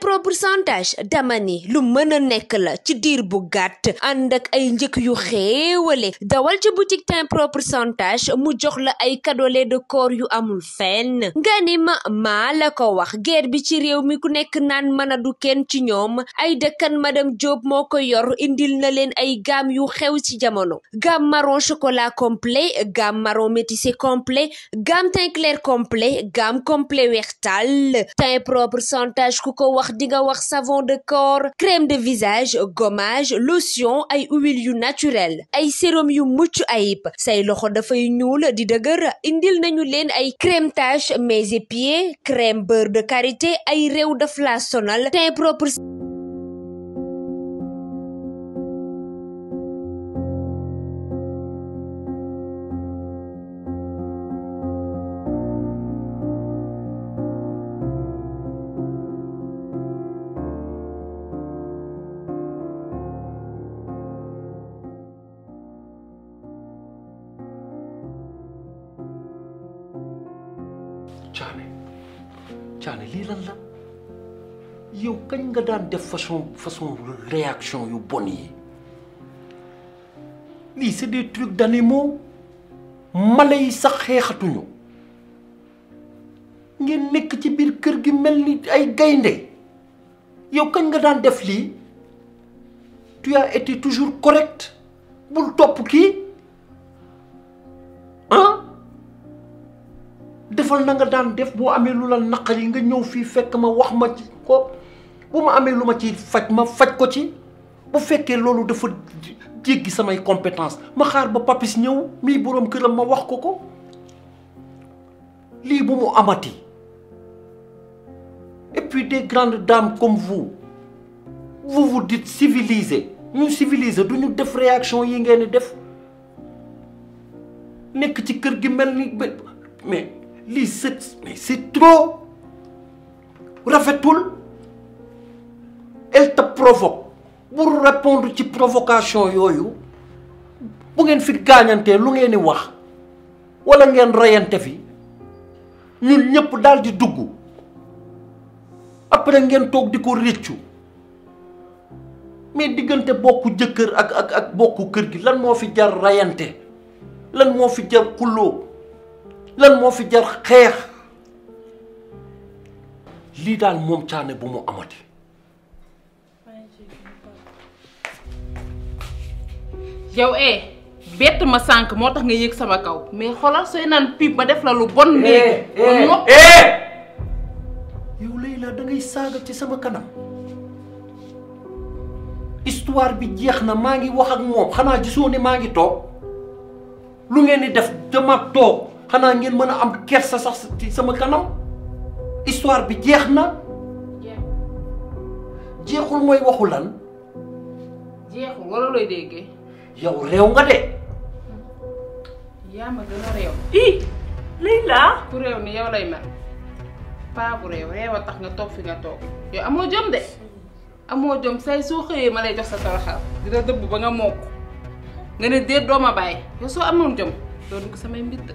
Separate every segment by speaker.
Speaker 1: pro centage dama ni lu mën a nekk la ci diir bu gàtt ànd ak ay njëkk yu xéewale dawal ci boutique teint pro pourcentage mu jox la ay cadeau de corps yu amul fenn nga ni ma la ko wax guerre bi ci réew mi ku nekk naan mën a du kenn ci ñoom ay dëkkan madame Diop moo ko yor indil na leen ay gamme yu xew ci jamono gamme marron chocolat complet gamme marron métissé complet gamme teint complet gamme complet weex tàll teint pro ku ko wax wax savon de corps crème de visage gommage lotion ay huile yu naturel ay sérum yu c'est ayib say loxo fay ñuul di dëgër indil nañu leen ay crème tache mais et pieds crème beurre de karité ay rew de flas sonal teint propre
Speaker 2: ne yow kañ daan def façon façon réaction yu bon yi lii c'est des trucs d'animaux malay sax xeexatuñu ngeen nek ci bir kër gi mel ay gaynde yow kañ nga daan def li tu as été toujours correct bul top ki hein defal na nga daan def boo amee lu la naqari nga ñëw fii fekk ma wax ma ci ko bu ma amee lu ma ci faj ma faj ko ci bu fekkee loolu dafa jéggi samay compétence ma xaar ba papis ñëw mii borom këram ma wax ko ko lii bu mu amati et puis des grandes dames comme vous vous vous dites civilisé ñu civilisé du ñu def réaction yi ngeen di def nekk ci kër gi mel ni mais lii c'est mais c'est trop rafetul elle te provoque pour répondre ci provocation yooyu bu ngeen fi gaañantee lu ngeen di wax walla ngeen reyante fi ñun ñëpp daal di dugg après ngeen toog di ko réccu mais diggante bokku jëkkër ak ak ak bokku kër gi lan moo fi jar reyante lan moo fi jar xuloo lan mo fi jar xeex li dal mom tiane bu mo amati.
Speaker 3: yow eh bett ma sank motax nga yek sama kaw mais xolal soy nan pipe ba def la lu bon. Eh, léegi eh eh
Speaker 2: yow Leyla da ngay saaga ci sama kanam histoire bi jeex na maa ngi wax ak mom xana gisoo ne maa ngi toog lu ngeen di def dama toog. xana ngeen mën a am kersa sax ci sama kanam histoire bi jeexna na. jeexul moy waxu lan.
Speaker 1: jeexul wala looy déggee.
Speaker 2: yow rew nga de.
Speaker 1: yaa ma gën a réew. ii ku rew ni yow lay mel pa bu rew rew a tax nga toog fi nga toog yow amo jom de amo jom say so xëyee ma lay jox sa toroxal dina la ba nga mokk nga ne déet ma bàyyi yow so amon jom do dugg samay mbitt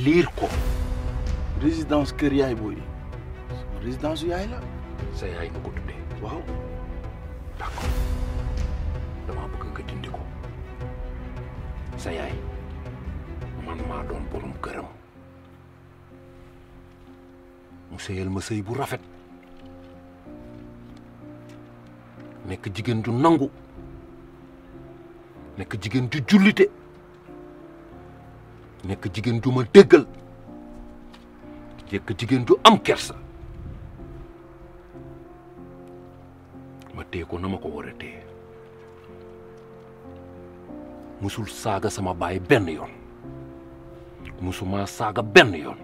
Speaker 3: liir ko résidence kër yaay booy résidence yaay la sa yaay nga ko tuddee waaw d'accord dama bëgg nga dindi ko sa yaay man maa doon borom këram mu sëyal ma sëy bu rafet nekk jigéen ju nangu nekk jigéen ju jullite nekk jigéen ju ma déggal nekk jigéen ju am kersa ma téye ko na ma ko war a téye musul saaga sama baay benn yoon musumaa saaga benn yoon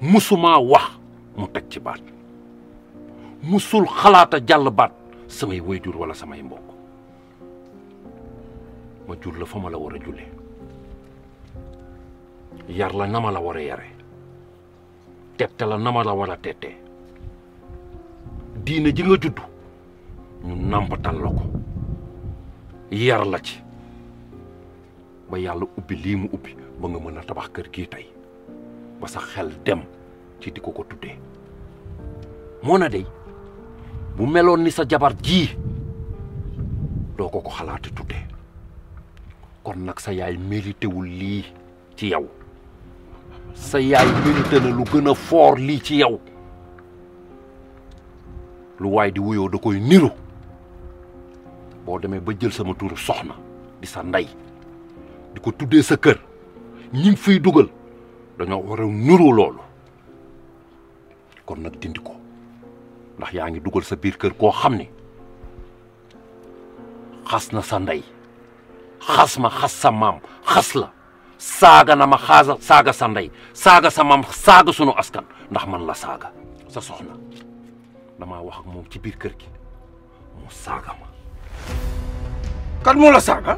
Speaker 3: musumaa wax mu teg ci baat musul xalaata jàll baat samay wayjur wala samay mbokk ma jur la fa ma la war a jullee nama la wara yare nama la wara tete diine ji nga judd ñu nampatal la ko yar la ci ba yàlla ubbi lii mu ubbi ba nga mën a tabax kër gii tey ba sa xel dem ci di ko ko tuddee na day bu meloon ni sa jabar jii doo ko ko xalaati tuddee kon nag sa yaay mérité lii ci yow sa yaay mérite na lu gën a foor lii ci yow lu waay di wuyoo da koy niru boo demee ba jël sama tur soxna di sa ndey di ko tuddee sa kër ñi ngi fiy dugal dañoo war a niru loolu kon nag dindi ko ndax yaa ngi dugal sa biir kër koo xam ne xas na sa ndey xas ma xas sa maam xas la Saga nama khaza saga sandai saga sama saga sunu askan ndax man la saga sa soxna dama wax ak mom ci bir keur gi mo saga ma kan mo la saga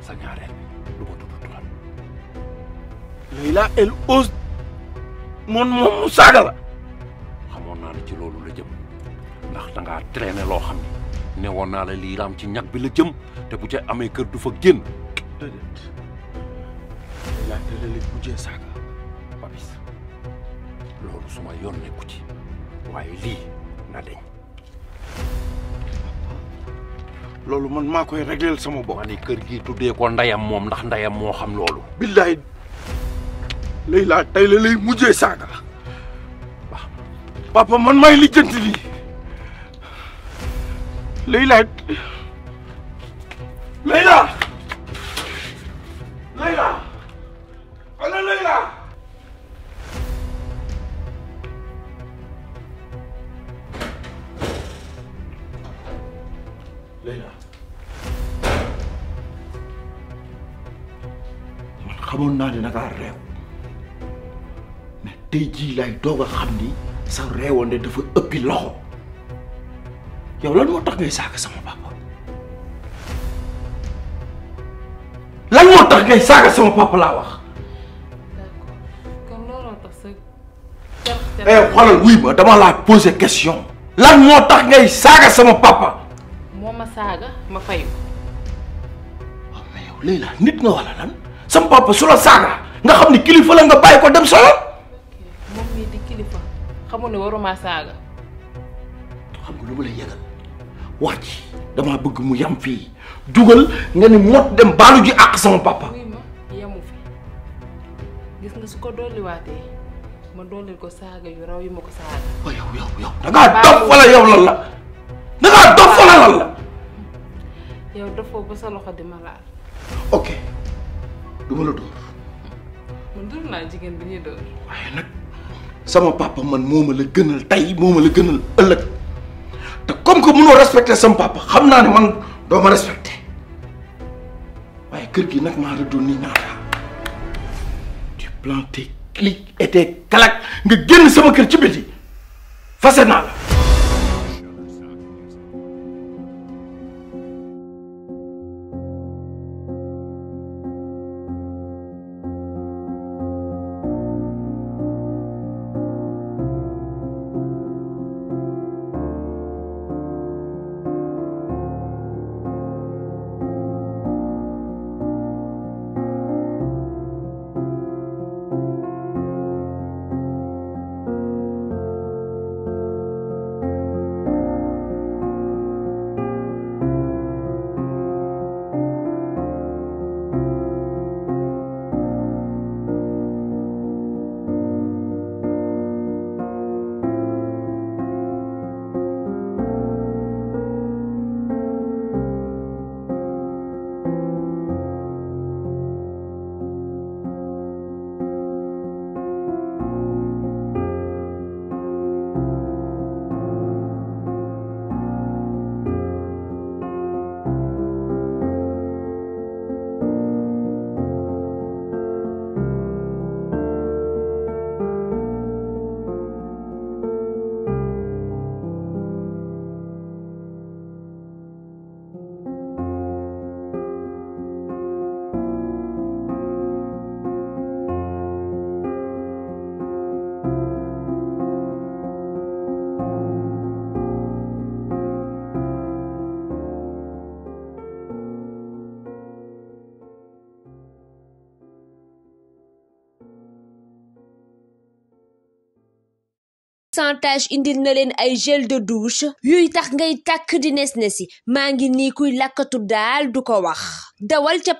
Speaker 3: sa ñaareel du ko tuddu turam
Speaker 2: leila el ose mon moom mu saga la
Speaker 3: xamoon na ne ci lolu la jëm ndax da nga traîner lo ne newon na la li ram ci ñak bi la jëm te bu ci amé keur du fa laa tëralee mujjee suma yoon nekku ci waaye lii na deñ loolu man maa koy régleel sama bopp. ma kër gi tuddee ko ndayam moom ndax ndayam moo xam loolu. billaay
Speaker 2: lay laa tey la mujjee saaga papa man may lijjanti lii lay laa Leyla man xamoon naa ne da ngaa réew mais tey jii laay doog a xam ni sa réewande dafa ëppi loxo yow lan moo tax ngay saaga sama papa
Speaker 3: lan moo tax ngay saaga sama papa laa wax. Eh, xoolal wuy ma dama laa poser question. lan moo tax ngay saaga sama papa. sama saga ma fay ko. waaw nit nga wala lan sam papa su la saaga nga xamni kilifa la nga bàyyi ko dem solo
Speaker 1: mom mi di kilifa xamone ne ma saga
Speaker 3: xam nga lu ma yegal wax ci dama bëgg mu yam fi duggal nga ni mot dem balu ji ak sama papa. oui ma
Speaker 1: yamu fi gis nga su ko dolliwaatee. ma dooleel ko saaga yu raw yi ma ko saaga. yow
Speaker 3: yow yow da ngaa dof wala yow lan la da dof wala lan la.
Speaker 1: yow defoo ba sa loxo di ma laal. ok du ma la dóor. man dóor naa jigéen bi ñuy dóor. waaye nag
Speaker 3: sama papa man moo ma la gënal tey moo ma la gënal ëllëg te comme que mënoo respecté sama papa xam naa ne man doo ma waaye kër gi nag maa rëddoon ni ñaata tu planté clic été kalak nga génn sama kër ci biti
Speaker 2: fase naa la.
Speaker 1: Santage indil na len ay gel de douche yuy tax ngay tak di nesnesi mangi si kuy lakatu dal du ko wax dawal ca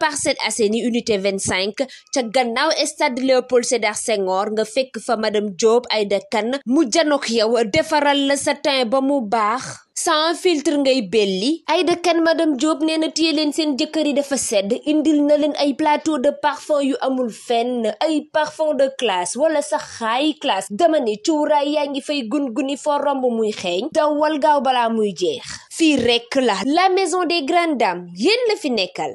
Speaker 1: aseni unité 25 ca gannaaw stade Léopold Sédar Senghor nga fekk fa madame Diop Aïda kan mu janook yow defaral la sa teint ba sans filtre ngay belli Aïda Kane madame Diop nee na téye leen seen jëkkër yi dafa sedd indil na leen ay plateau de parfum yu amul fenn ay parfum de classe wala sax xaay classe dama ni cuuraay yaa ngi fay gun-guni foo romb muy xeeñ dawal gaaw balaa muy jeex fii rekk la la maison des grandes dames yéen la fi nekkal